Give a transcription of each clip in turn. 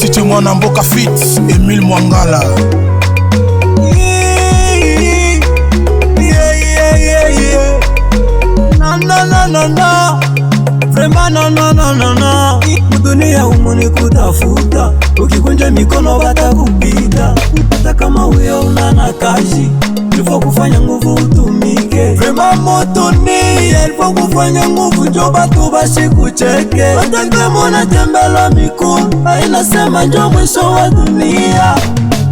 City mwana mboka fit Emile Mwangala Dunia umuni kutafuta, ukikunja mikono watakupita. Hata kama wewe una nakashi, kufanya nguvu utumike. Vrema moto Miguel kufanya nguvu njo batu basikucheke, hata kama unatembela mikuu ainasema njo mwisho wa dunia.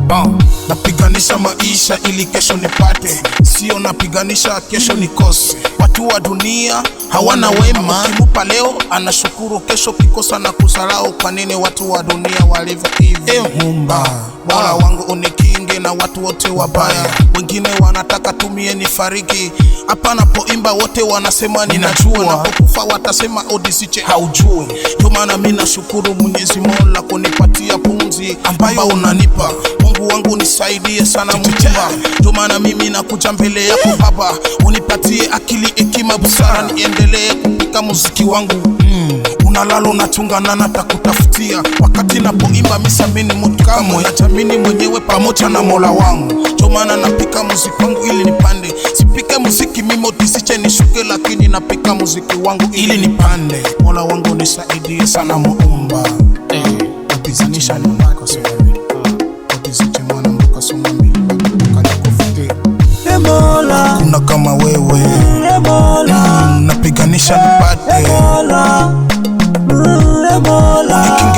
Bam. napiganisha maisha ili kesho nipate, sio napiganisha kesho nikose. Watu wa dunia hawana wema, kimupa leo anashukuru, kesho kikosa na kusarau Kwa nini watu wa dunia walivyo hivi? Eumba eh, bora ah. wangu unikinge na watu wote wabaya. Wengine wanataka tumie nifariki hapa napoimba, wote wanasema ninajua, napokufa watasema odisiche oh, haujui. Ndio maana mimi nashukuru Mwenyezi Mola kunipatia pumzi ambayo unanipa Mungu wangu nisaidie sana Muumba, ndio maana mimi nakuja mbele yako Baba, unipatie akili, hekima, busara niendelee kupika muziki wangu nalalo nachungana natakutafutia wakati napoimba misamini mutkamwe natamini mwenyewe pamoja na mola wangu chomana napika muziki wangu ili nipande sipike muziki mimotisiche nishuke lakini napika muziki wangu ili nipande mola wangu nisaidie sana muumba ukizanisha ninakosewewe ukiziche mwana mkasonga mbili kanakufute kuna kama wewe mm, napiganisha nipate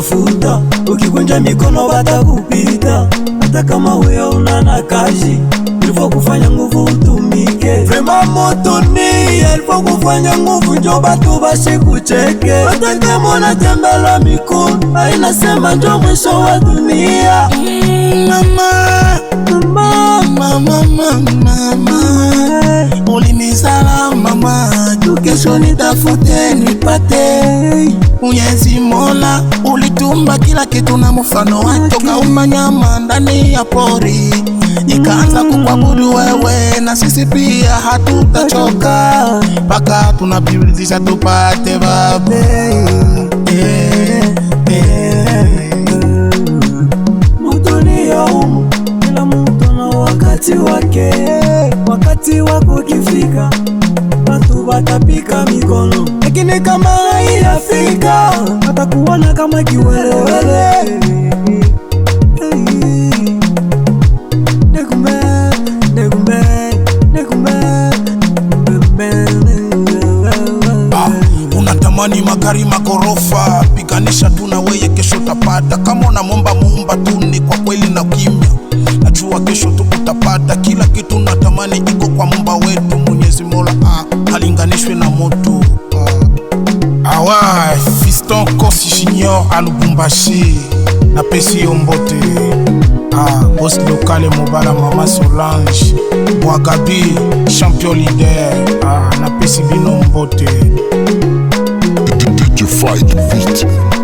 mafuta, ukikunja mikono watakupita, hata kama wewe una na kazi, kufanya nguvu utumike vema. Moto ni kufanya nguvu, njo batu basikucheke, hata kama unatembela mikono, sema njo mwisho wa dunia. Mama, mama, mama, mama. kesho nitafute nipate. Mwenyezi Mola ulitumba kila kitu na mfano wake, ukaumba nyama ndani ya pori ikaanza kukuabudu wewe, na sisi pia hatutachoka mpaka tunapulizisha tupate babe. wakati wake, wakati wako ukifika watu watapika mikono, lakini kama hii watakuona kama kiwelewele. Unatamani magari makorofa, piganisha tu na weye, kesho utapata. Kama unamwomba muumba tu ni kwa kweli na kimya, najua kesho tukutapata kila kitu natamani iko kwa mumba wetu Mwenyezi Mola ah. alinganishwe na moto awa fiston cosi junior alubumbashi napesi yo mbote ah, bos lokale mobala mama solange bwagabi champion lider ah, napesi bino mbote fight vite